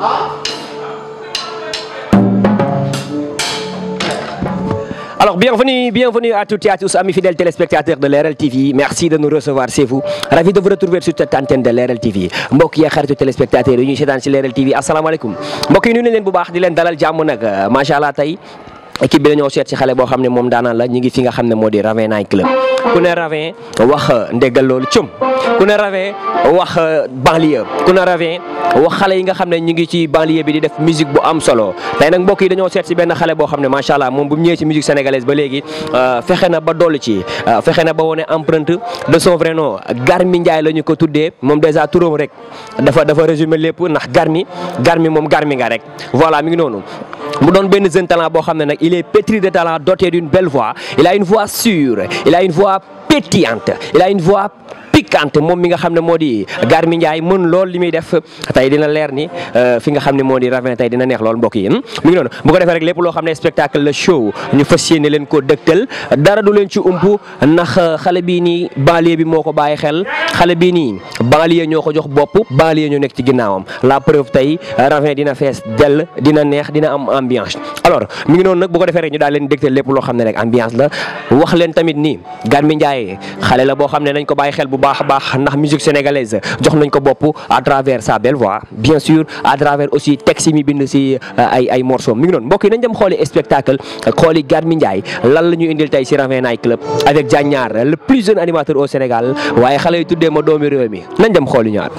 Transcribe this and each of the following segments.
Ah. Alors bienvenue, bienvenue à toutes et à tous, amis fidèles téléspectateurs de Leral TV. Merci de nous recevoir chez vous. Ravi de vous retrouver sur cette antenne de Leral TV. Mbokk yi xaritu téléspectateurs yi ñuy seetaan ci Leral TV. Asalaamaaleykum. Mbokk yi nuyu leen bu baax di leen dalal jàmm nag. ma Allah tey équipe bi dañoo seet ci xale boo xam ne moom daanaan la ñu fi nga xam ne moo di Ravin Night Club ku ne Ravin wax euh, ndéggal loolu cëm ku wax euh, banlieue ku ne Ravin xale yi nga xam ne ñu ngi ci banlieue bi di def musique bu am solo tey nag mbokk yi dañoo seet si benn xale boo xam ne macha allah moom bu mu ñëwee si musique sénégalaise ba léegi euh, na ba dolli ci fexe na ba wone empreinte de son vrai nom Garmi Ndiaye la ñu ko tuddee moom dèjà turam rek dafa dafa résumé lépp ndax Garmi Garmi moom Garmi nga rek voilà mi ngi noonu mu doon benn jeune talent boo xam ne nag il est pétri de talent, doté d'une belle voix. Il a une voix sûre, il a une voix pétillante, il a une voix Kanté moom mi nga xam ne moo di Garmi Ndiaye mën lool li muy def tey dina leer ni euh, fi nga xam ne moo di Ravin tey dina neex lool mbokk yi mu ngi noonu bu ko defee rek lépp loo xam ne spectacle la show ñu fas yéene leen ko dëgtal dara du leen ci ump ndax euh, xale bii nii banlieue bi moo ko bàyyi xel xale bii nii banlieue ñoo ko jox bopp banlieue ñoo nekk ci ginnaawam la preuve tey euh, Ravin dina fees dell dina neex dina am ambiance alors mi ngi noonu nag bu ko defee rek ñu daal leen dégtal lépp loo xam ne rek ambiance la wax leen tamit ni Garmi Ndiaye xale la boo xam ne nañ ko bàyyi xel bu baax baax a baax ndax musique sénégalaise jox nañ ko bopp à travers sa belle voix bien sûr à travers aussi texte mi bind si euh, ay ay morceaux mi ngi noonu mbokk yi nañ dem xooli spectacle xooli Garmi Ndiaye lan la ñu indil tey si Ravin Night Club avec Diagne le plus jeune animateur au Sénégal waaye xale yi tuddee ma doomi réew mi nañ dem xooli ñaar.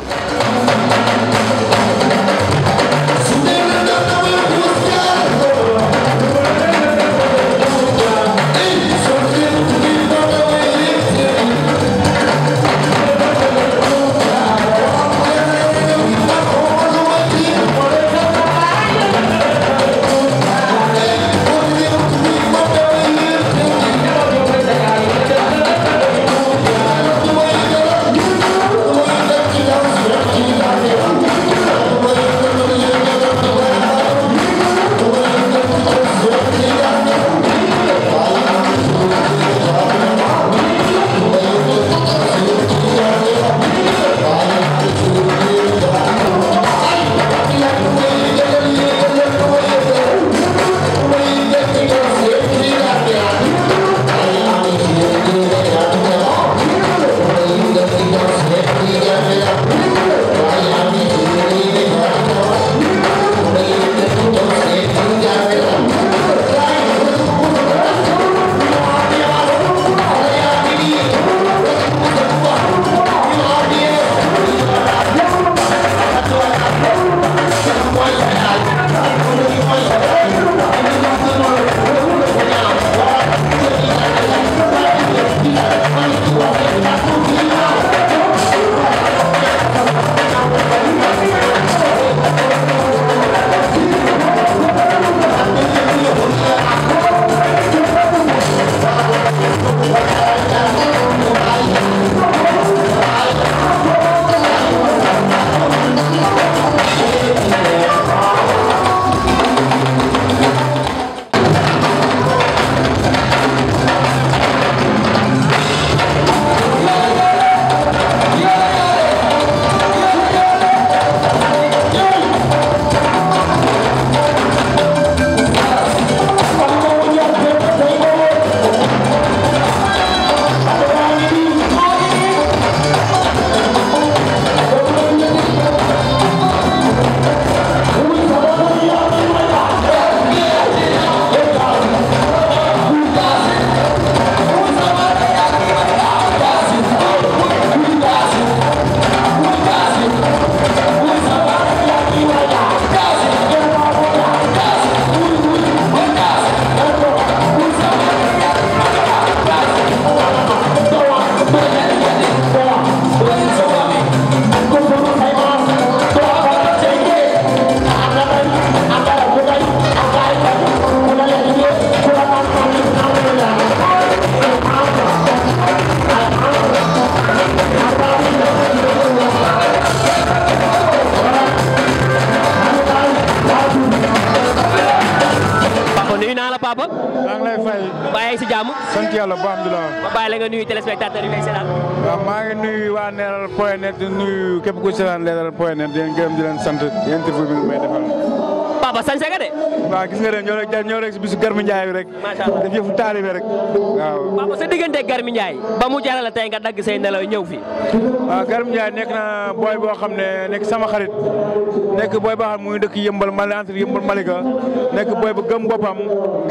nga nuyu téléspectateur yi lay seetaan. waaw maa ngi nuyu waa Leral point net di ku seetaan Leral point net di leen gërëm di leen sant may defal. papa sañ nga waaw gis nga ren ñoo rek ñoo rek si bisu Garmi Ndiaye rek. macha allah daf yëfu taalibe rek waaw. waaw sa diggante Garmi Ndiaye ba mu jaral la tey nga nelaw ñëw fi. waaw Garmi nekk na booy boo xam ne nekk sama xarit nekk booy boo xam muy dëkk yëmbal Mali entre yëmbal Malika nekk booy bu gëm boppam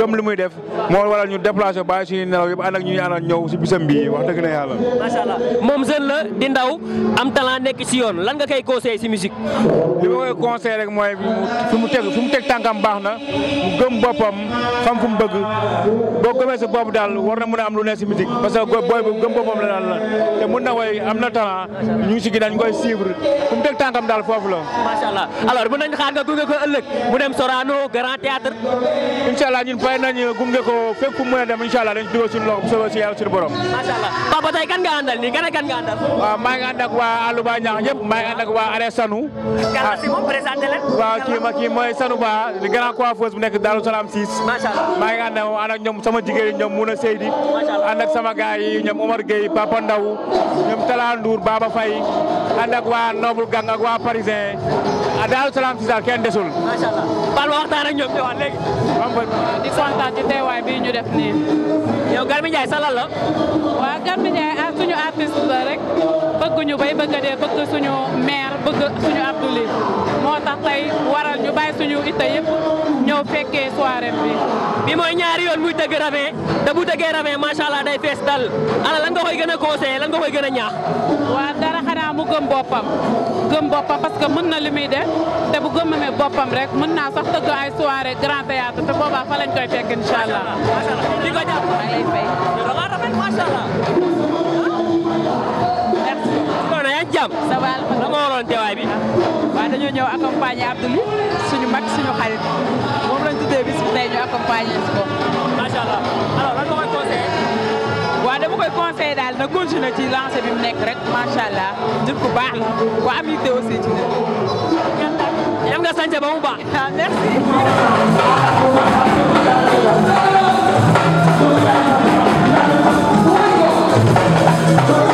gëm li muy def moo waral ñu déplacé bàyyi suñuy nelaw yëpp ànd ak ñu ñu àndal ñëw si bisam bi wax dëgg na yàlla. moom jeune la di ndaw am talent nekk si yoon lan nga koy conseillé si musique. li ma koy conseillé rek mooy fi mu teg fi baax na mu gëm boppam xam fu mu bëgg boo gëmee sa bopp daal war na mën a am lu ne si musique parce que booy bu gëm boppam la daal la te mën na woy am na talent ñu ngi si ginnaaw ñu koy suivre fu mu teg tànkam daal foofu la. macha nañu xaar nga gunge ko ëllëg mu dem Sorano Grand Théâtre. incha allah nañu gunge ko fépp fu mu a dem incha allah dugal suñu loxo bu soobee si yàlla suñu borom. papa tey kan nga àndal nii kan ak kan nga àndal. waaw maa waa Allou Ba Niang ñëpp maa ngi ànd fës bu nekk Daaru Salaam 6. macha allah maa ngi ànd ak moom ànd ak ñoom sama jigéen yi ñoom Muna Seydi. macha allah ànd ak sama gars yi ñoom Omar Gueye Papa Ndaw ñoom Talla Ndour Baba waa Noble Gang ak waa Parisien ah, Daaru daal kenn desul. macha allah Palma yow Garmi Ndiaye sa lan la. waaw Garmi Ndiaye ah, suñu artiste la rek bëgguñu bay bëgg a dee bëgg suñu maire bëgg suñu Abdoulaye moo tax tey waral ñu bàyyi suñu itte yëpp ñëw fekkee soirée bi. bi mooy ñaari yoon muy tëgg ravin te bu tëggee ravin macha allah day fees dal ala lan nga koy gën a conseillé lan nga koy gën a ñaax. waaw dara xanaa mu gëm boppam gëm boppam parce que mën na li muy de te bu gëmmamee boppam rek mën naa sax tëgg ay soirée grand théâtre te boobaa fa sëriñ Bay da nga rafet macha allah merci kon yaa jàmm ça va la nga waroon teewaay bi waaw dañoo ñëw accompagner Abdouli suñu mag suñu xarit moom lañ tuddee bis bi tey ñu accompagner si ko macha allah alors lan nga koy conseillé waaw dama koy conseillé daal na continuer ci lancé bi mu nekk rek macha allah nit ku baax la ku am idée aussi ci nit yam nga sànce ba mu baax merci Thank you.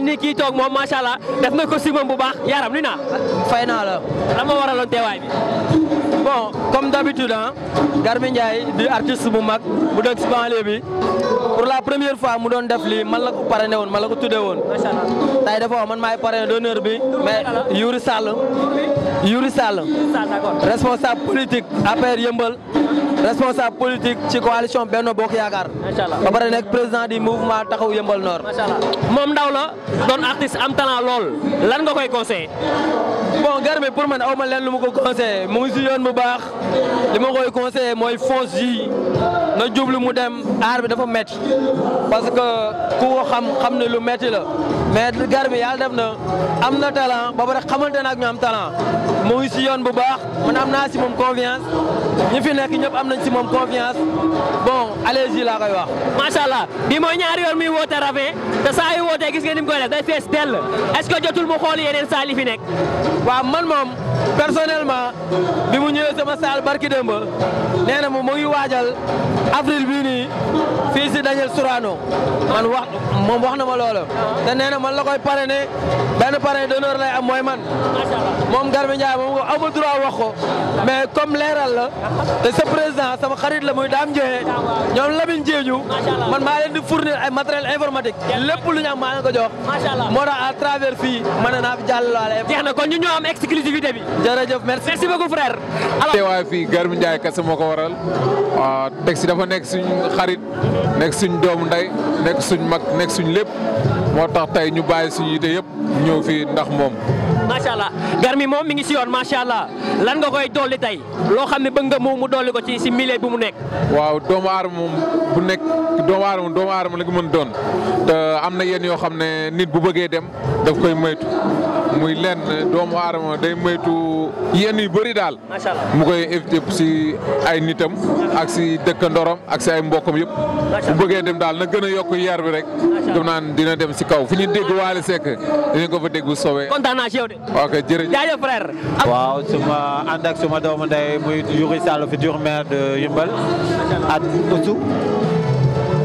ngeen ni kii toog moom macha allah def na bu baax yaram li naa. fay naa la. lan moo waraloon teewaay bi. bon comme d'habitude ah Garmi Ndiaye di artiste bu mag bu dëkk si banlieue bi pour la première fois mu doon def lii man la ko parrainé woon man la ko tuddee woon. macha allah tey dafa man maay parrainé d'honneur bi mais Youri Sall. Youri Sall. responsable politique affaire yëmbal. responsable politique ci coalition Benno Bokk Yaakaar. macha allah ba pare nekk président du mouvement taxaw yëmbal Nord. moom ndaw la doon artiste am talent lool lan nga koy conseillé. bon garmi pour man aw ma leen lu ma ko conseillé mu ngi si yoon bu baax li ma koy conseillé mooy fonce yi na jublu mu dem aar bi dafa met parce que ku ko xam xam ne lu métti la mais garmi yàlla def na am na talent ba pare xamante na ñu am talent. mu ngi si yoon bu baax man am naa si moom confiance ñi fi nekk ñëpp am nañ si moom confiance bon allez-y laa koy wax. macha allah bii mooy ñaari yoon muy woote Ravin te saa yu wootee gis nga ni mu koy def day fees dell est-ce que jotul mu xool yeneen saal yi fi nekk. waaw man moom personnellement bi mu ñëwee sama saal barki démb nee na mu ngi waajal avril bii fii si Daniel Sorano man wax moom wax na ma loola ah. te nee na man la koy parrainé benn parrain d'honneur lay am mooy man moom Garmi Ndiaye moom amul droit wax mais comme leeral la te sa président sama xarit la muy daam joxe ah, ñoom Lamine Diédiou man maa leen di fournir ay matériel informatique lépp lu ñu am maa leen ko jox moo tax à travers fii mën na naa fi jàllale jeex na kon ñu ñoo am exclusivité bi jërëjëf merci merci beaucoup frère teewaay fii Garmi Ndiaye kese moo ko waral ah, teg si dafa nekk suñu xarit nekk suñ doomu ndey nekk suñ mag nekk suñ lépp moo tax tey ñu bàyyi suñu yite yëpp ñëw fii ndax moom. macha allah Garmi moom mi ngi si yoon macha allah lan nga koy dolli tey loo xam ne bëgg nga mu dolli ko ci si milieu bi mu nekk. waaw doomu aadama moom bu nekk doomu aadama doomu aadama la ko mën doon te am na yéen yoo xam ne nit bu bëggee dem daf koy moytu. muy lenn doomu aadama day moytu yen yu bëri daal. macha allah mu koy éviter si ay nitam. ak si dëkkandoram ak si ay mbokkam yëpp. bu bëggee dem daal na gën a yokk yar bi rek. na naan dina dem si kaw fu ñu dégg Wally Seck dinañ ko fa dégg bu soobee. kontaan frère. waaw suma ànd suma doomu ndey muy Youri Sall futur maire de Yeumbeul at Oussou.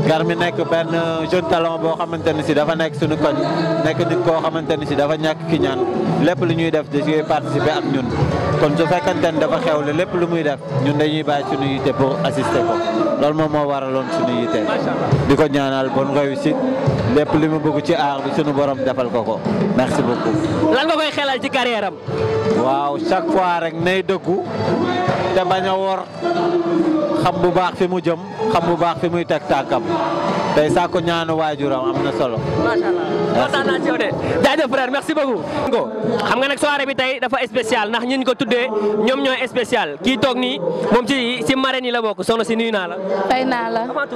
Garmi nekk benn jeune talent boo xamante ne si dafa nekk suñu koñ nekk nit koo xamante ne si dafa ñàkk ki ñaan lépp lu ñuy def da ciy participer ak ñun kon su fekkante ne dafa xewle lépp lu muy def ñun dañuy bàyyi suñu yite pour assister ko loolu moom moo waraloon suñu yite di ko ñaanal bonne réussite lépp li mu bëgg ci aar bi suñu boroom defal ko ko merci beaucoup. lan nga koy xelal ci carrière waaw chaque fois rek nay dëggu. te bañ a wor xam bu baax fi mu jëm xam bu baax fi muy teg tànkam tey sàkku ñaanu waajuram am na solo. macha allah kontaan naa ci frère merci beaucoup. xam nga nag soirée bi tey dafa spécial ndax ñun ko tuddee ñoom ñooy spécial ki toog nii moom ci si marraine yi la bokk soxna si nuyu naa la. tey naa la. comment tu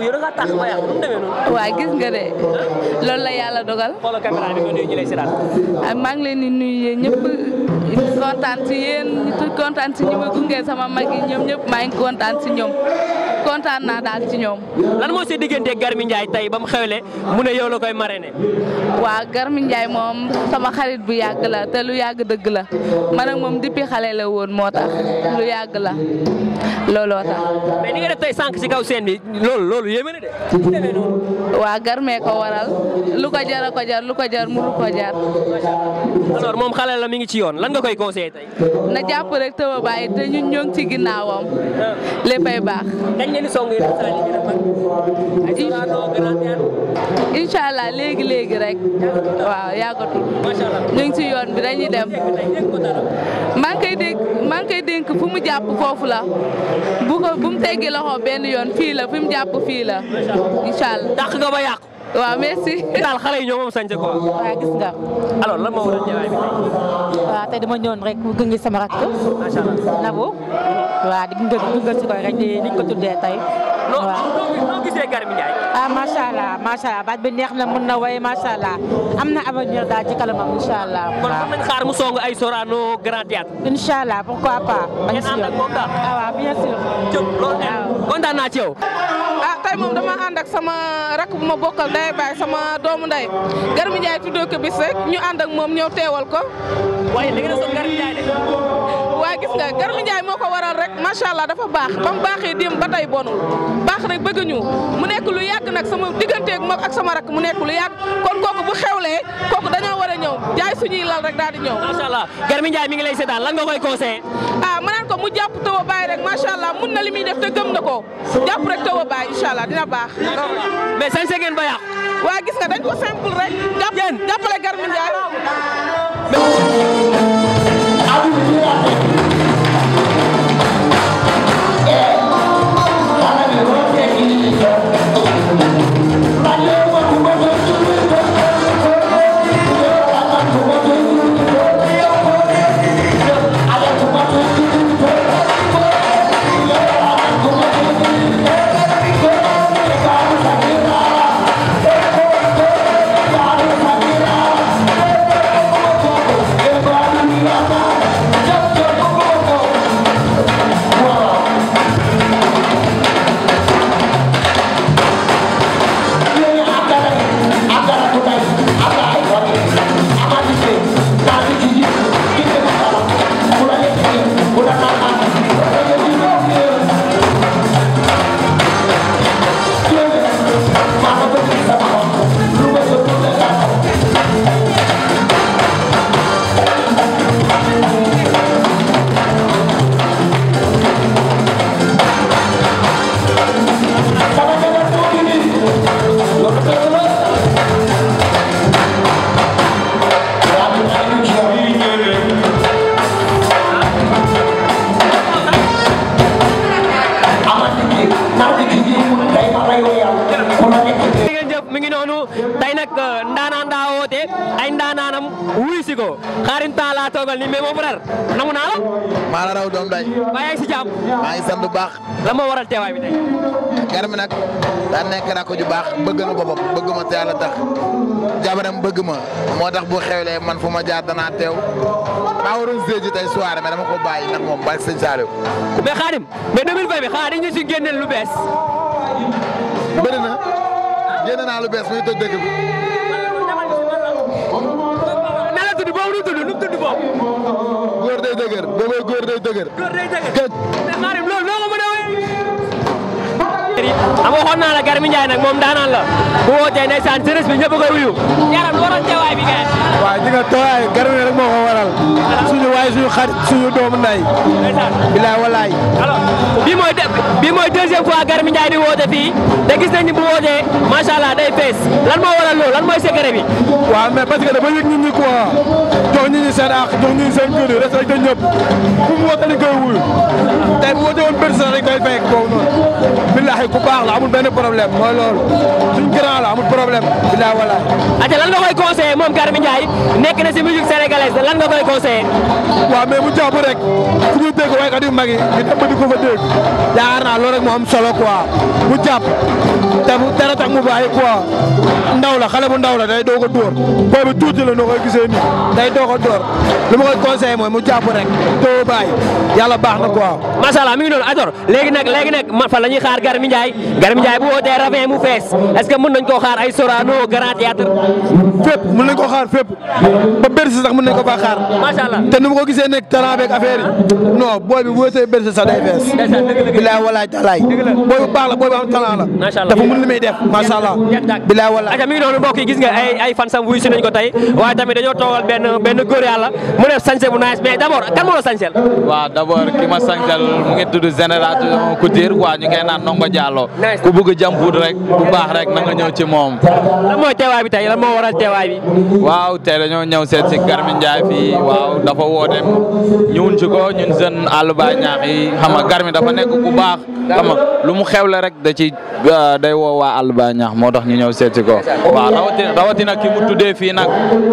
waa gis nga de loolu la yàlla dogal. xoolal caméra bi nga nuyu kontaan si yéen kontaan si ñi sama mag yi ñoom ñëpp maa ngi kontaan si ñoom kontaan naa daal si ñoom. lan moo si diggante Garmi njaay tey ba mu xewle mu ne yow la koy marraine. waa Garmi Ndiaye moom sama xarit bu yàgg la te lu yàgg dëgg la man moom depuis xale la woon moo tax lu yàgg la looloo tax. mais ni nga def tey sànq si kaw seen bi loolu lool yéeme na de. waaw Garmi ko waral lu ko jar a jar lu ko jar mënu ko jar. alors moom xale la ngi ci yoon nga koy conseillé tey. na jàpp rek te ba te ñun ñoo ngi ci ginnaawam. léppay baax. dañ leen song rek allah léegi léegi rek. waaw yàggatul. macha allah ñu ci yoon bi dañuy dem. maa ngi koy dégg maa ngi koy dénk fu mu jàpp foofu la. bu ko bu mu teggi loxo benn yoon fii la fu mu jàpp fii la. incha yàqu. waaw merci. daal xale ñoo moom sañse quoi. waaw gis nga. alors lan moo waral ñëwaay bi tey. waaw tey dama ñëwoon rek gunge sama rakk. macha allah Nabou. waaw di gunge si ko tuddee tey. waaw noo noo Garmi Ndiaye. ah macha baat bi neex na mun na way macha am na avenir daal ci kalamam incha allah. kon mën nañ xaar ay Sorano Grand Théâtre. incha allah pourquoi pas. Ah, bien sûr ngeen ànd naa ci tey moom dama ànd ak sama rakk bu ma bokkal ndey baay sama doomu ndey Garmi Ndiaye tuddee ko bis rek ñu ànd ak moom ñëw teewal ko. waaye da ngeen a soog Garmi Ndiaye de. waa gis moo ko waral rek macha allah dafa baax ba baaxee démb ba tey bonul baax rek bëgg ñu mu nekk lu yàgg nag sama digganteeg moom ak sama rakk mu nekk lu yàgg kon kooku bu xewlee kooku dañoo jaay suñuy lal rek daal di ñëw. mi ngi lay seetaan lan nga koy conseillé. ah ma ko mu jàpp taw a bàyyi rek macha allah mun na li muy def te gëm na ko rek taw a bàyyi incha allah dina baax. mais sañ se ngeen ba yàq. waa gis nga dañ ko simple rek. jàpp jàppale Garmi Ndiaye. xaarin taa laa toogal nii mais mon frère namu naa la. maa la raw doom day. maa ngi sant bu baax. lan moo waral teewaay bi tey. Karim nag daa nekk rakk ju baax bëgg na boppam bëgg ma te yàlla tax jabaram bëgg ma moo tax bu xewlee man fu ma jaar danaa teew maa waroon séy ji tey soirée mais dama ko bàyyi ndax moom bàyyi sëñ Saliou. mais Xaadim mais 2020 bi xanaa dañ ñu si génneel lu bees. bëri na génne naa lu bees muy toj dëkk day dëgër boobu góor day dëgër. góor day dëgër gëj. mais Marim loolu noo ko mën a wéy. am waxoon naa la Garmi Ndiaye nag moom daanaan la bu wootee ndeysaan jeunesse bi ñëpp a ko wuyu. yaram lu waral teewaay bi ngeen. waaw di nga teewaay Garmi rek moo ko waral. suñu waay suñu xarit suñu doomu nday bilaay walaay. alors. bi mooy bi mooy deuxième fois Garmi Ndiaye di woote fii te gis nañu bu wootee macha allah day fees lan moo waral loolu lan mooy secret bi. waaw mais parce que dafa yëg nit ñi quoi jox nit ñi seen àq jox nit ñi seen gëdd respecté ñëpp fu mu woote dañ wuyu tey bu wootee woon personne dañ koy fekk boobu noonu. ku baax la amul benn problème mooy loolu suñ grand la amul problème. bilaa wala. ate lan nga koy conseillé moom Garmi Ndiaye nekk na si musique sénégalaise lan nga koy conseillé. waaw mais mu jàpp rek fu ñu dégg waykat yu mag yi ñu dem ba di ko fa dégg yaakaar naa loolu rek moo am solo quoi mu jàpp te dara mu bàyyi quoi ndaw la xale bu ndaw la day doog a dóor booy bi tuuti la noo koy gisee nii day doog a dóor li ma koy mu jàpp rek doo bàyyi yàlla baax na quoi. macha allah mi ngi noonu Ador léegi fa la ñuy xaar Garmi bu wootee ravin mu woo Grand Théâtre fépp mën nañ ko xaar fépp ba Bercy sax mën ma ko gisee nekk talent beeg affaire yi non booy bi wóotee Bercy sax day fees bilaay walaay talaay booy bu baax la booy bu am talent la dafa mën li muy def macha allah bilaay walaay aca mi ngi noonu mbokk yi gis nga ay ay fan sam wuy si nañ ko tey waaye tamit dañoo toogal benn benn góor yàlla mu def sañse bu nice mais d' abord kan moo la sañsel waaw d' abord ki ma sañsel mu ngi tudd génération couture quoi ñu koy naan Ndongo Diallo ku bëgg jàmpuut rek bu baax rek na nga ñëw ci moom lan mooy teewaay bi tey lan moo waral teewaay bi. waaw tey dañoo ñëw seet si Garmin Ndiaye fii waaw dafa woote ñëwun ci ko ñun jeune àll ba ñaax yi xam nga Garmin dafa nekk ku baax. xam lu mu xew la rek da ci euh, day woo waa àll ba moo tax ñu ñëw seet si ko. waaw rawatina ki mu tuddee fii nag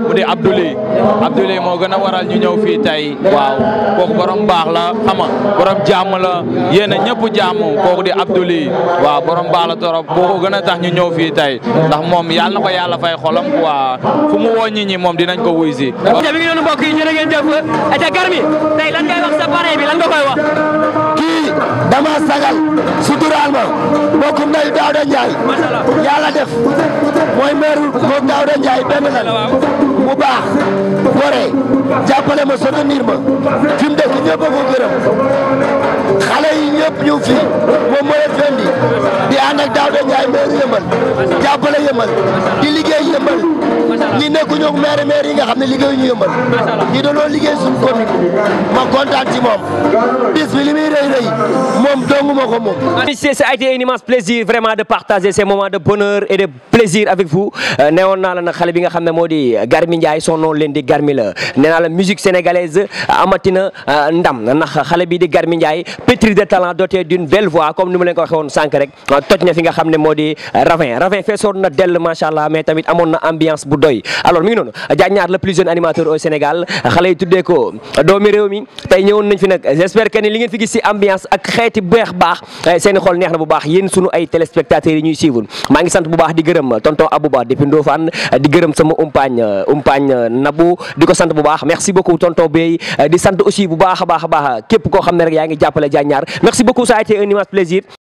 mu di Abdoulaye Abdoulaye moo gën a waral ñu ñëw fii tey waaw kooku borom baax la xam nga borom la yéen a ñëpp jàmm kooku di Abdoulaye waaw borom baax la torop kooku gën a tax ñu ñëw fii tey ndax moom yàlla na ko yàlla fay xolam quoi fu moom dinañ ko wuy si. te mi noonu mbokk yi ñu ne ngeen jëf te Garmi tey lan ngay wax sa parrain bi wax. kii dama sagal suturaal ma mbokkum nay Daouda Ndiaye. yàlla def mooy maire moom Daouda Ndiaye benn lan. bu baax gore jàppale ma soutenir ma fi mu dëkk ñëpp a ko gërëm xale yi ñëpp ñu fi moom moo fendi di ànd ak Daouda Ndiaye maire yëmbal jàppale yëmbal di liggéey yëmbal ñi nekku ñoom maire maire yi nga xam ne liggéeyu ñu yëmbal ñi dañoo liggéey suñu commune ma kontaan moom bis bi li muy rëy moom dong ko moom ça a été un immense plaisir vraiment de partager ces moments de bonheur et de plaisir avec vous euh, neewoon naa la nag xale bi nga xam ne moo di Garmi Ndiaye son leen di Garmi la nee naa la musique sénégalaise euh, amatina euh, ndam ndax xale bi di Garmi Ndiaye pétri de talent doté d'une belle voix comme ni ko waxee doy alors mi ngi noonu a Nar le plus jeune animateur au Sénégal xale yi tuddee ko doomi réew mi tey ñëwoon nañ fi nag j'espère que li ngeen fi gis ci ambiance ak xeeti beex baax eh, seen xol neex na bu baax yéen sunu ay téléspectateurs yi ñuy suivre maa ngi sant bu baax di gërëm tonton Abouba depuis di gërëm sama umpaañ umpaañ Nabou di ko sant bu baax merci beaucoup tonton Bey di sant aussi bu baax a baax a baax képp koo xam ne rek yaa ngi jàppale a